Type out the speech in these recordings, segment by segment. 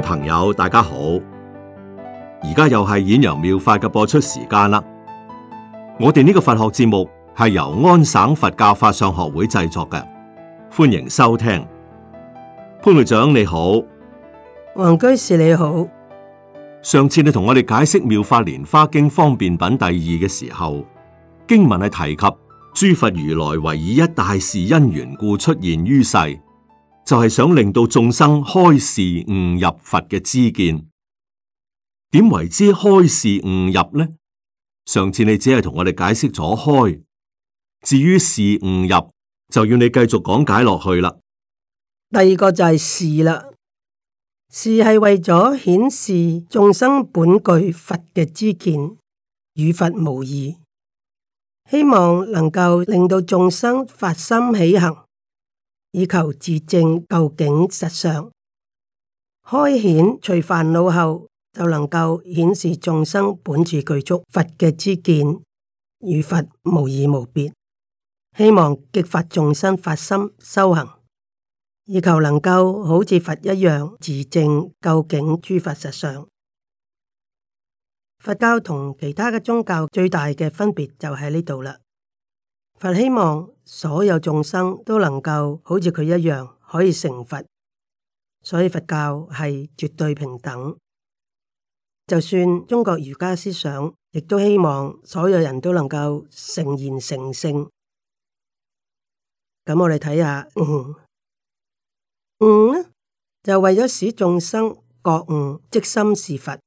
朋友，大家好！而家又係演揚妙法嘅播出時間啦。我哋呢個佛學節目係由安省佛教法相學會製作嘅，歡迎收聽。潘會長你好，黃居士你好。上次你同我哋解釋《妙法蓮花經方便品》第二嘅時候，經文係提及諸佛如來唯以一大事因緣故出現於世。就係想令到眾生開示悟入佛嘅知見，點為之開示悟入呢？上次你只係同我哋解釋咗開，至於示悟入，就要你繼續講解落去啦。第二個就係示啦，示係為咗顯示眾生本具佛嘅知見，與佛無異，希望能夠令到眾生發心起行。以求自證究竟實相，開顯除煩惱後就能夠顯示眾生本自具足佛嘅知見，與佛無異無別。希望激發眾生發心修行，以求能夠好似佛一樣自證究竟諸佛實相。佛教同其他嘅宗教最大嘅分別就喺呢度啦。佛希望，所有眾生都能夠好似佢一樣可以成佛，所以佛教係絕對平等。就算中國儒家思想亦都希望所有人都能夠成賢成聖。咁我哋睇下，悟、嗯嗯、呢就為咗使眾生覺悟，即心是佛，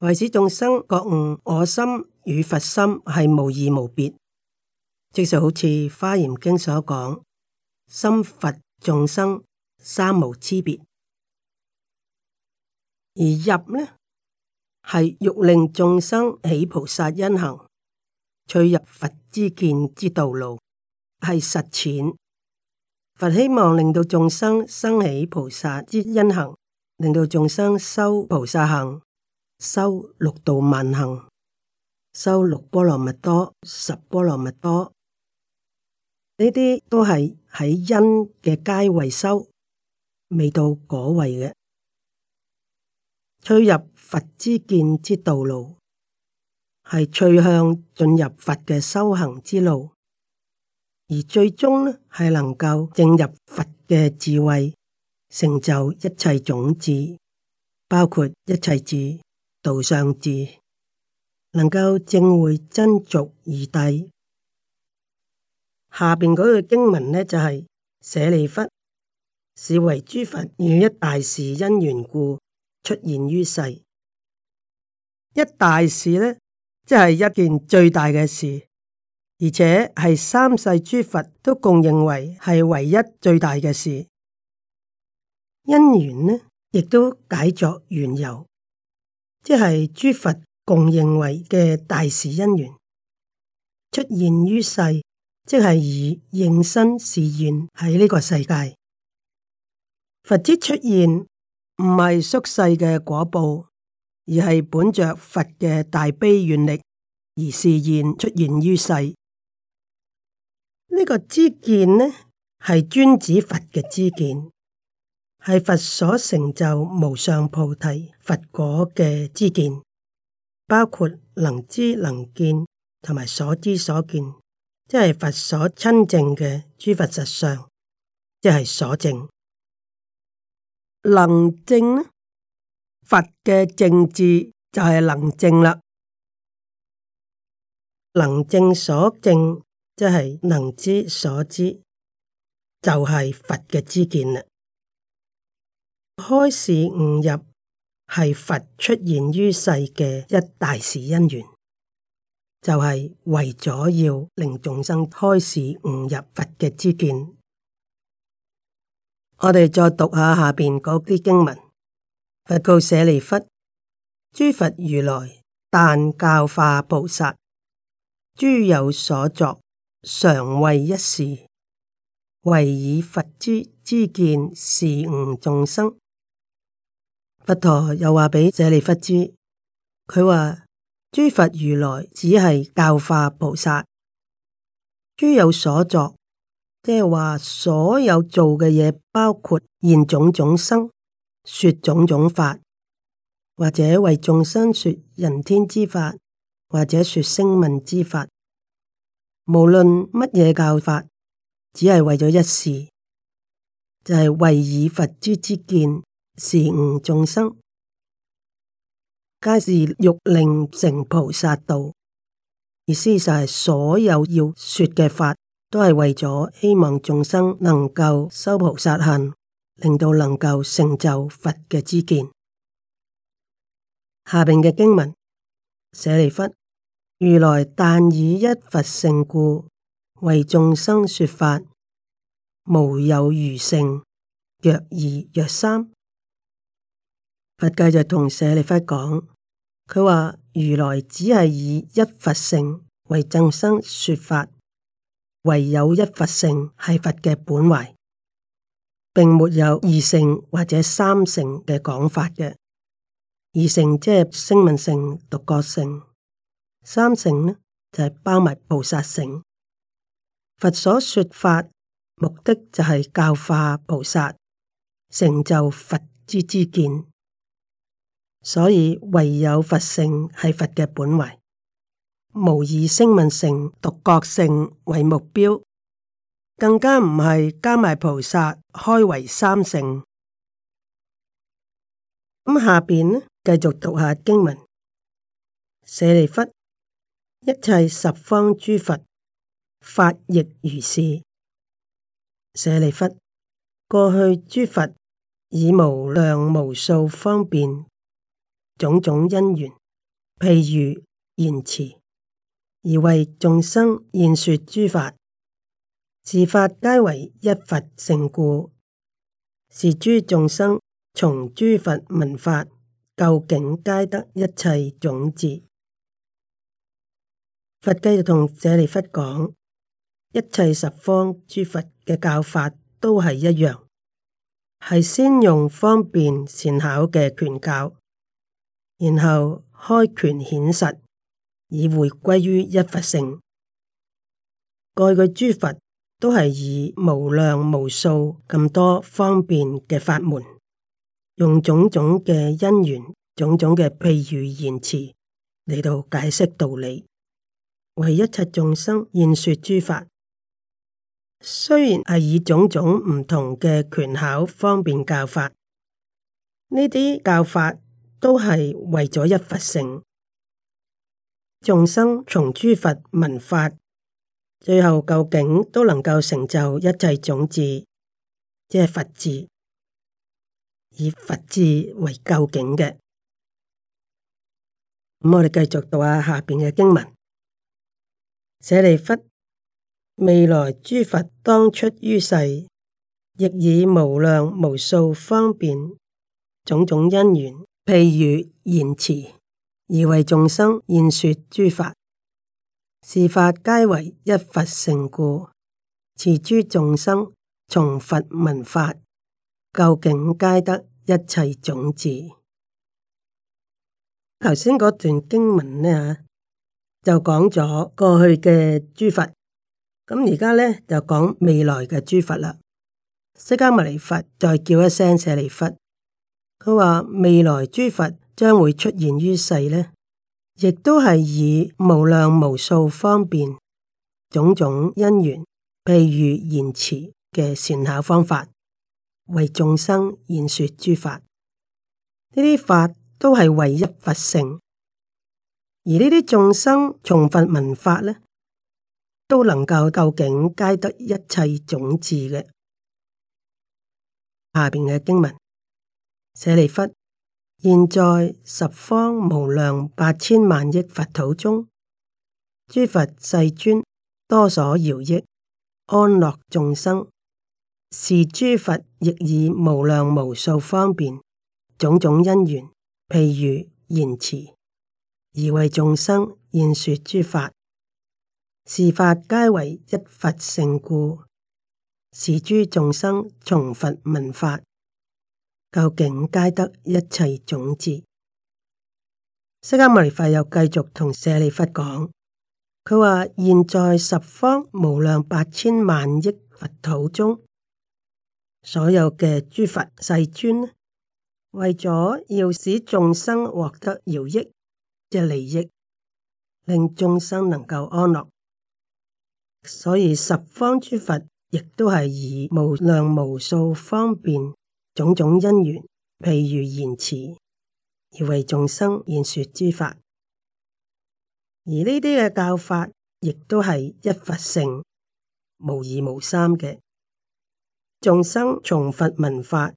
為使眾生覺悟，我心與佛心係無二無別。即係好似《華嚴經》所講，心佛眾生三無差別，而入呢係欲令眾生起菩薩因行，取入佛之見之道路，係實踐。佛希望令到眾生生起菩薩之因行，令到眾生修菩薩行，修六度萬行，修六波羅蜜多、十波羅蜜多。呢啲都係喺因嘅階位修，未到果位嘅。趣入佛之見之道路，係趣向進入佛嘅修行之路，而最終呢係能夠進入佛嘅智慧，成就一切種子，包括一切智、道相智，能夠證會真俗二諦。下邊嗰句經文呢，就係舍利弗，是為諸佛以一大事因緣故出現於世。一大事呢，即係一件最大嘅事，而且係三世諸佛都共認為係唯一最大嘅事。因緣呢，亦都解作緣由，即係諸佛共認為嘅大事因緣出現於世。即係以應身示現喺呢個世界，佛之出現唔係宿世嘅果報，而係本着佛嘅大悲願力而示現出現於世。呢、這個知見呢，係專指佛嘅知見，係佛所成就無上菩提佛果嘅知見，包括能知能見同埋所知所見。即係佛所親證嘅諸佛實相，即係所證；能證，佛嘅正智就係能證啦。能證所證，即係能知所知，就係、是、佛嘅知見啦。開示悟入係佛出現於世嘅一大事因緣。就係為咗要令眾生開示悟入佛嘅知見，我哋再讀下下邊嗰啲經文。佛告舍利弗：諸佛如來但教化菩薩，諸有所作，常為一事，唯以佛之知見示悟眾生。佛陀又話畀舍利弗知，佢話。諸佛如來只係教化菩薩，諸有所作，即係話所有做嘅嘢，包括現種種生、說種種法，或者為眾生說人天之法，或者說聲聞之法，無論乜嘢教法，只係為咗一事，就係、是、為以佛之知見示悟眾生。皆是欲令成菩薩道，意思就係所有要說嘅法，都係為咗希望眾生能夠修菩薩行，令到能夠成就佛嘅知見。下面嘅經文：舍利弗，如來但以一佛乘故，為眾生說法，無有餘乘。若二若三，佛繼續同舍利弗講。佢話如來只係以一佛性為眾生說法，唯有一佛性係佛嘅本懷，並沒有二性或者三性嘅講法嘅。二性即係聲聞性、獨覺性，三性呢就係包埋菩薩性。佛所說法目的就係教化菩薩，成就佛之之見。所以唯有佛乘係佛嘅本位，無以聲聞乘、獨覺乘為目標，更加唔係加埋菩薩開為三乘。咁、嗯、下邊呢，繼續讀下經文。舍利弗，一切十方諸佛法亦如是。舍利弗，過去諸佛以無量無數方便。種種因緣，譬如言辭，而為眾生言說諸法，是法皆為一佛乘故，是諸眾生從諸佛聞法，究竟皆得一切種智。佛繼續同舍利弗講：一切十方諸佛嘅教法都係一樣，係先用方便善巧嘅權教。然後開權顯實，以回歸於一佛性。蓋佢諸佛都係以無量無數咁多方便嘅法門，用種種嘅因緣、種種嘅譬喻言辭嚟到解釋道理，為一切眾生演說諸法。雖然係以種種唔同嘅權巧方便教法，呢啲教法，都係為咗一佛性，眾生從諸佛聞法，最後究竟都能夠成就一切種智，即係佛智，以佛智為究竟嘅。咁、嗯、我哋繼續讀下下邊嘅經文：舍利弗，未來諸佛當出於世，亦以無量無數方便種種因緣。譬如言辭，而為眾生演說諸法，是法皆為一佛乘故。持諸眾生從佛聞法，究竟皆得一切種智。頭先嗰段經文呢，就講咗過去嘅諸佛，咁而家呢，就講未來嘅諸佛啦。釋迦牟尼佛再叫一聲舍利弗。佢話未來諸佛將會出現於世呢，亦都係以無量無數方便、種種因緣、譬喻言辭嘅善巧方法為眾生演說諸法，呢啲法都係為一佛乘，而呢啲眾生從佛聞法呢，都能夠究竟皆得一切種智嘅。下邊嘅經文。舍利弗，現在十方無量八千萬億佛土中，諸佛世尊多所饒益安樂眾生，是諸佛亦以無量無數方便種種因緣，譬如言辭，而為眾生現說諸法，是法皆為一佛乘故，是諸眾生從佛聞法。究竟皆得一切種子。釋迦牟尼佛又繼續同舍利弗講，佢話現在十方無量八千萬億佛土中，所有嘅諸佛世尊呢，為咗要使眾生獲得饒益嘅利益，令眾生能夠安樂，所以十方諸佛亦都係以無量無數方便。種種因緣，譬如言辭，而為眾生言說之法，而呢啲嘅教法，亦都係一佛乘，無二無三嘅。眾生從佛聞法，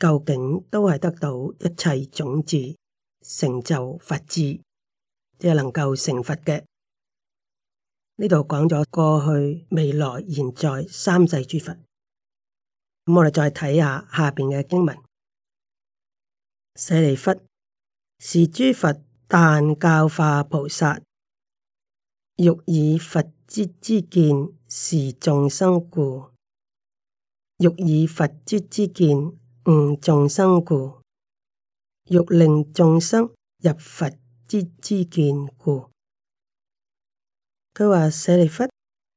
究竟都係得到一切種智，成就佛智，即係能夠成佛嘅。呢度講咗過去、未來、現在三世諸佛。咁我哋再睇下下邊嘅經文，舍利弗，是諸佛但教化菩薩，欲以佛之知見是眾生故，欲以佛之知見悟、嗯、眾生故，欲令眾生入佛之知見故。佢話舍利弗，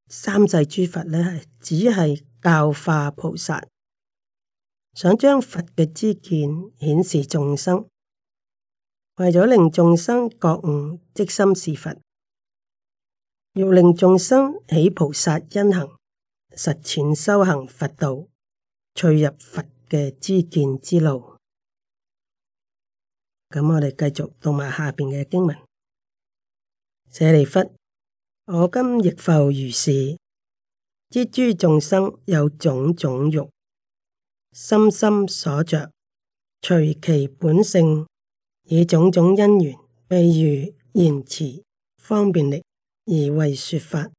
三世諸佛呢係只係教化菩薩。想將佛嘅知見顯示眾生，為咗令眾生覺悟即心是佛，欲令眾生起菩薩因行，實踐修行佛道，趣入佛嘅知見之路。咁我哋繼續讀埋下邊嘅經文：舍利弗，我今亦復如是。知諸眾生有種種欲。深心所着，隨其本性，以種種因緣，譬如言辭、方便力，而為說法。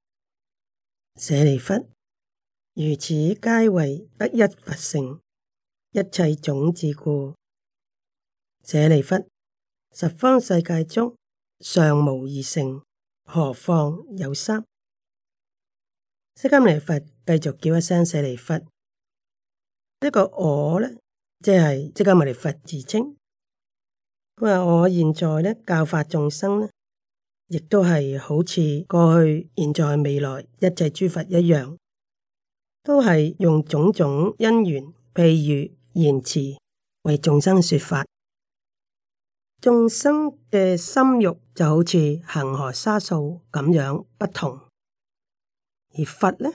舍利弗，如此皆為得一佛乘，一切種子故。舍利弗，十方世界中尚無二乘，何況有三？釋迦牟尼佛繼續叫一聲舍利弗。呢個我呢，即係釋迦牟尼佛自稱。佢話我現在呢教法，眾生呢亦都係好似過去、現在、未來一切諸佛一樣，都係用種種因緣，譬如言辭為眾生說法。眾生嘅心欲就好似恆河沙數咁樣不同，而佛呢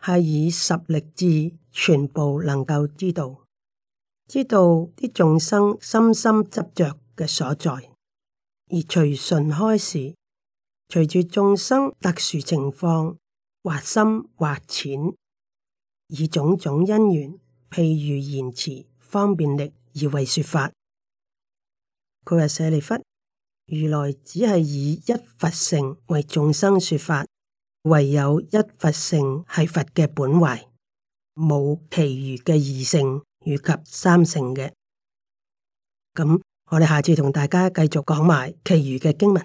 係以十力智。全部能夠知道，知道啲眾生深深執着嘅所在，而隨順開示，隨住眾生特殊情況，或深或淺，以種種因緣，譬如言辭方便力而為說法。佢話舍利弗，如來只係以一佛性為眾生說法，唯有一佛性係佛嘅本懷。冇其餘嘅二乘以及三乘嘅，咁我哋下次同大家繼續講埋其餘嘅經文，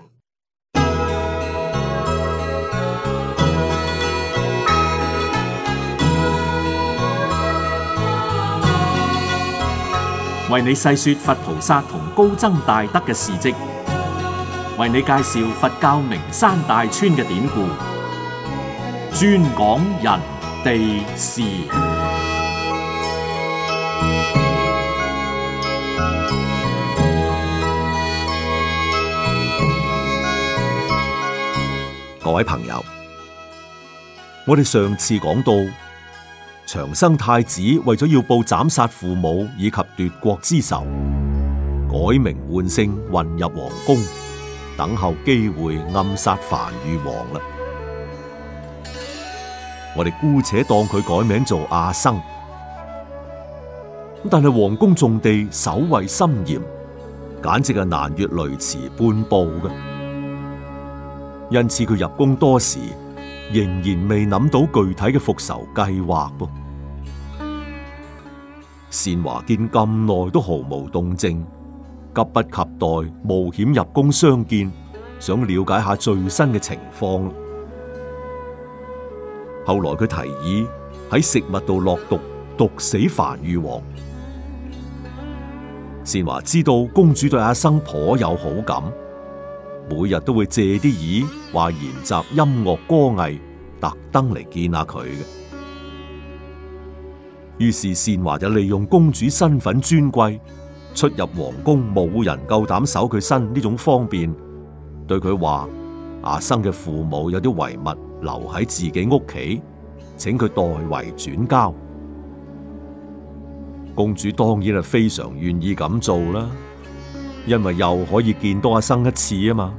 為你細說佛菩薩同高僧大德嘅事迹，為你介紹佛教名山大川嘅典故，專講人。各位朋友，我哋上次講到，長生太子為咗要報斬殺父母以及奪國之仇，改名換姓混入皇宮，等候機會暗殺梵豫王啦。我哋姑且當佢改名做阿生，但係皇宮重地，守衛森嚴，簡直係難越雷池半步嘅。因此佢入宮多時，仍然未諗到具體嘅復仇計劃噃。善華見咁耐都毫無動靜，急不及待冒險入宮相見，想了解下最新嘅情況。後來佢提議喺食物度落毒，毒死梵豫王。善華知道公主對阿生頗有好感，每日都會借啲意話研習音樂歌藝，特登嚟見下佢嘅。於是善華就利用公主身份尊貴，出入皇宮冇人夠膽守佢身呢種方便，對佢話阿生嘅父母有啲遺物。留喺自己屋企，請佢代為轉交公主，當然係非常願意咁做啦，因為又可以見多阿生一次啊嘛，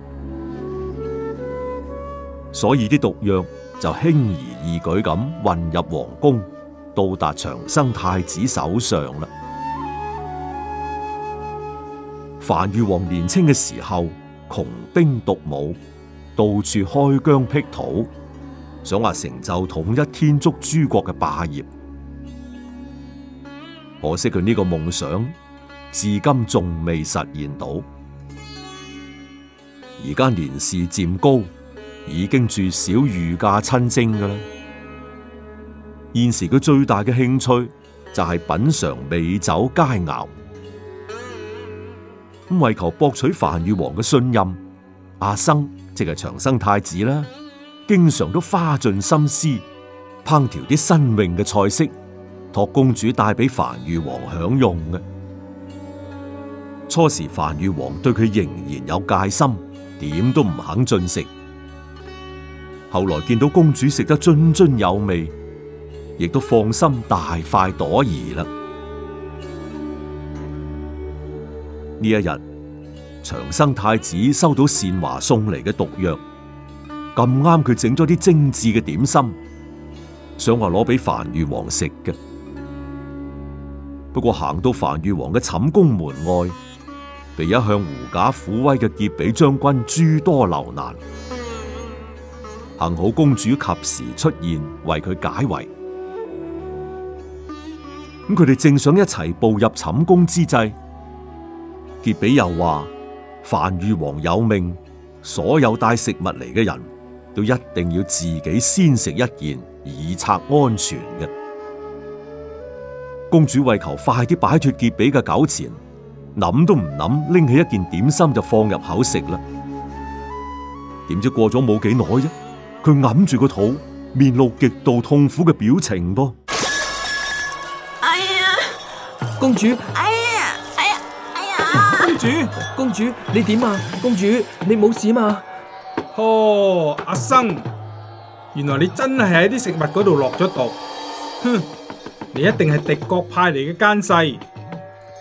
所以啲毒藥就輕而易舉咁混入皇宮，到達長生太子手上啦。梵豫王年青嘅時候，窮兵黷武，到處開疆闢土。想話成就統一天竺諸國嘅霸業，可惜佢呢個夢想至今仲未實現到。而家年事漸高，已經絕少御駕親征㗎喇。現時佢最大嘅興趣就係品嘗美酒佳肴。咁為求博取范御王嘅信任，阿生即係長生太子啦。經常都花盡心思烹調啲新穎嘅菜式，託公主帶俾梵豫王享用嘅。初時梵豫王對佢仍然有戒心，點都唔肯進食。後來見到公主食得津津有味，亦都放心大快朵頤啦。呢一日，長生太子收到善華送嚟嘅毒藥。咁啱佢整咗啲精緻嘅點心，想話攞俾樊裕王食嘅。不過行到樊裕王嘅寢宮門外，被一向狐假虎威嘅傑比將軍諸多留難。幸好公主及時出現為佢解圍。咁佢哋正想一齊步入寢宮之際，傑比又話：樊裕王有命，所有帶食物嚟嘅人。都一定要自己先食一件以策安全嘅。公主為求快啲擺脫劫比嘅糾纏，諗都唔諗，拎起一件點心就放入口食啦。點知過咗冇幾耐啫，佢揞住個肚，面露極度痛苦嘅表情噃。哎呀，公主，哎呀，哎呀，哎呀，公主，公主，你點啊？公主，你冇事嘛？哦，阿生，原來你真係喺啲食物嗰度落咗毒，哼！你一定係敵國派嚟嘅奸細，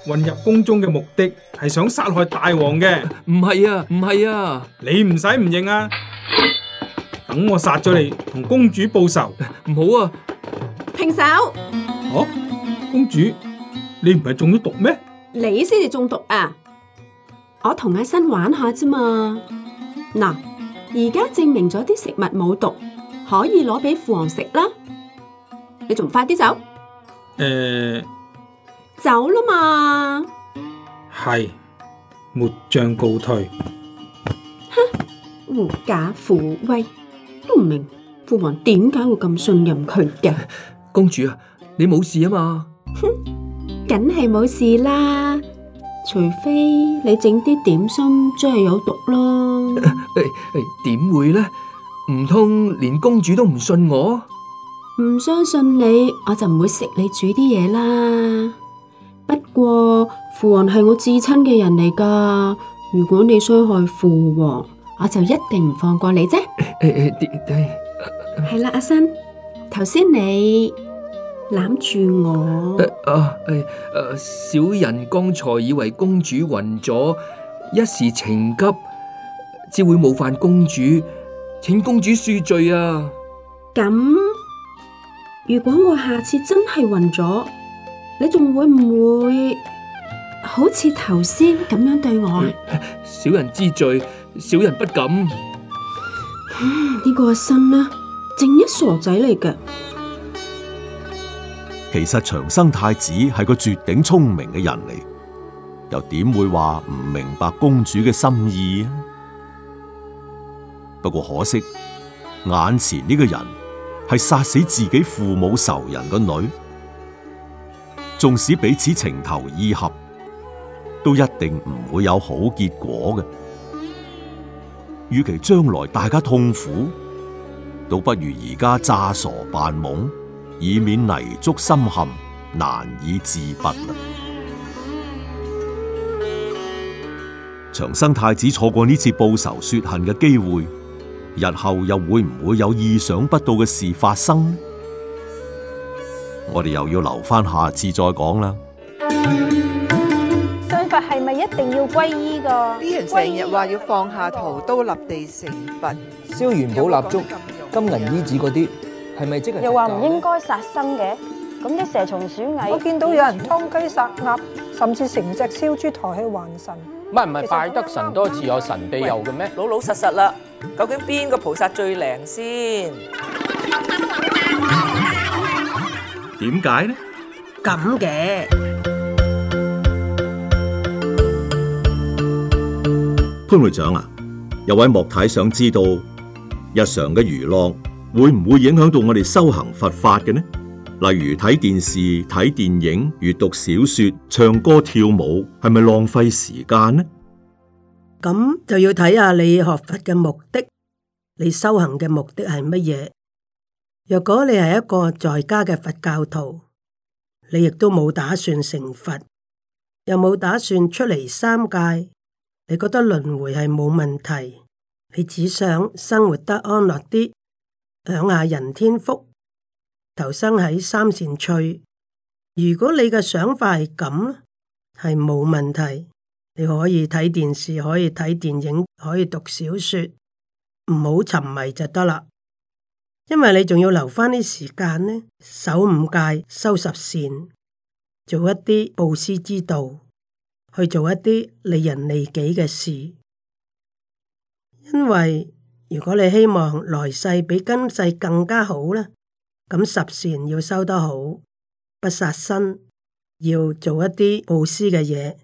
混入宮中嘅目的係想殺害大王嘅。唔係啊，唔係啊，你唔使唔認啊，等我殺咗你同公主報仇。唔好啊，平手。哦，公主，你唔係中咗毒咩？你先至中毒啊！我同阿生玩下啫嘛，嗱。而家證明咗啲食物冇毒，可以攞俾父王食啦！你仲快啲走？誒，走啦嘛！係，末將告退。哼，狐假虎威，都唔明父王點解會咁信任佢嘅。公主啊，你冇事啊嘛？哼，梗係冇事啦。除非你整啲點，點心真係有毒囉。誒誒、哎，點、哎、會咧？唔通連公主都唔信我？唔相信你，我就唔會食你煮啲嘢啦。不過父王係我至親嘅人嚟㗎，如果你傷害父王，我就一定唔放過你啫。誒誒，係啦，阿新，頭先你，攬住我。誒誒、啊哎啊，小人剛才以為公主暈咗，一時情急，至會冒犯公主，請公主恕罪啊！咁、嗯，如果我下次真係暈咗，你仲會唔會好似頭先咁樣對我？哎、小人知罪，小人不敢。呢、嗯，這個阿新啊，正一傻仔嚟嘅。其實長生太子係個絕頂聰明嘅人嚟，又點會話唔明白公主嘅心意啊？不過可惜，眼前呢個人係殺死自己父母仇人嘅女，縱使彼此情投意合，都一定唔會有好結果嘅。與其將來大家痛苦，倒不如而家詐傻扮懵。以免泥足深陷，難以自拔。長生太子錯過呢次報仇雪恨嘅機會，日後又會唔會有意想不到嘅事發生？我哋又要留翻，下下次再講啦。信佛係咪一定要皈依噶？啲人成日話要放下屠刀，立地成佛。燒元寶、蠟燭、嗯、金銀衣紙嗰啲。係咪即係又話唔應該殺生嘅？咁啲蛇蟲鼠蟻，我見到有人劏雞，殺鴨，甚至成隻燒豬抬起還神。唔係拜得神多自有神庇佑嘅咩？老老實實啦，究竟邊個菩薩最靈先？點解呢？咁嘅，潘會長啊，有位莫太想知道日常嘅娛樂。會唔會影響到我哋修行佛法嘅呢？例如睇電視、睇電影、閱讀小説、唱歌跳舞，係咪浪費時間呢？咁就要睇下你學佛嘅目的，你修行嘅目的係乜嘢？若果你係一個在家嘅佛教徒，你亦都冇打算成佛，又冇打算出嚟三界，你覺得輪回係冇問題，你只想生活得安樂啲。享下人天福，投生喺三善趣。如果你嘅想法係咁，係冇問題。你可以睇電視，可以睇電影，可以讀小說，唔好沉迷就得啦。因為你仲要留翻啲時間呢，守五戒，修十善，做一啲布施之道，去做一啲利人利己嘅事，因為。如果你希望來世比今世更加好啦，咁十善要修得好，不殺生，要做一啲布施嘅嘢，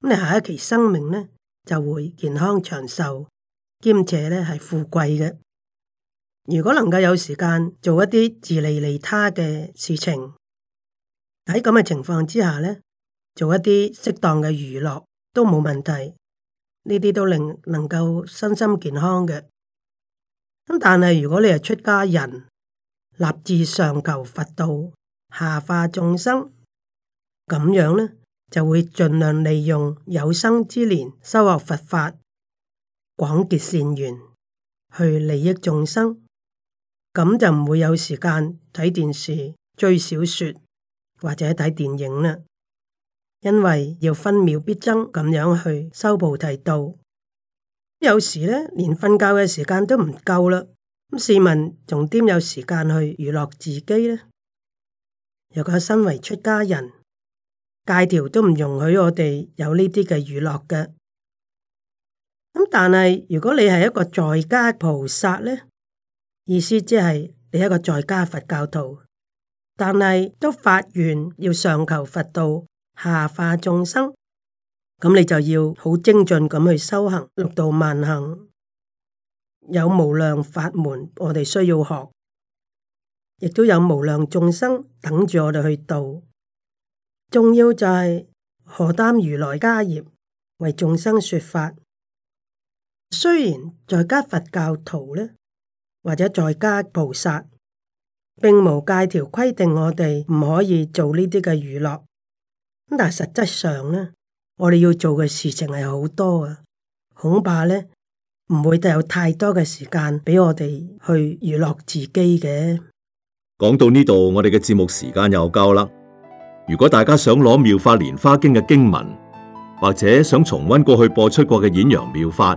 咁你下一期生命咧就會健康長壽，兼且咧係富貴嘅。如果能夠有時間做一啲自利利他嘅事情，喺咁嘅情況之下咧，做一啲適當嘅娛樂都冇問題，呢啲都令能夠身心健康嘅。但係如果你係出家人，立志上求佛道，下化眾生，咁樣呢，就會盡量利用有生之年修學佛法，廣結善緣，去利益眾生，咁就唔會有時間睇電視、追小說或者睇電影啦，因為要分秒必爭咁樣去修菩提道。有時呢，連瞓覺嘅時間都唔夠啦。咁市民仲點有時間去娛樂自己呢？如果身為出家人，戒條都唔容許我哋有呢啲嘅娛樂嘅。咁但係如果你係一個在家菩薩呢，意思即係你係一個在家佛教徒，但係都發願要上求佛道，下化眾生。咁你就要好精進咁去修行六度萬行，有無量法門，我哋需要學，亦都有無量眾生等住我哋去度。仲要就係荷擔如來家業，為眾生說法。雖然在家佛教徒呢，或者在家菩薩，並無戒條規定我哋唔可以做呢啲嘅娛樂，但係實質上呢。我哋要做嘅事情係好多啊，恐怕咧唔會有太多嘅時間俾我哋去娛樂自己嘅。講到呢度，我哋嘅節目時間又夠啦。如果大家想攞《妙法蓮華經》嘅經文，或者想重溫過去播出過嘅演揚妙法，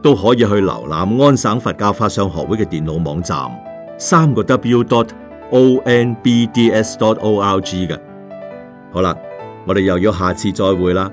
都可以去瀏覽安省佛教法相學會嘅電腦網站，三個 W dot O N B D S dot O R G 嘅。好啦，我哋又要下次再會啦。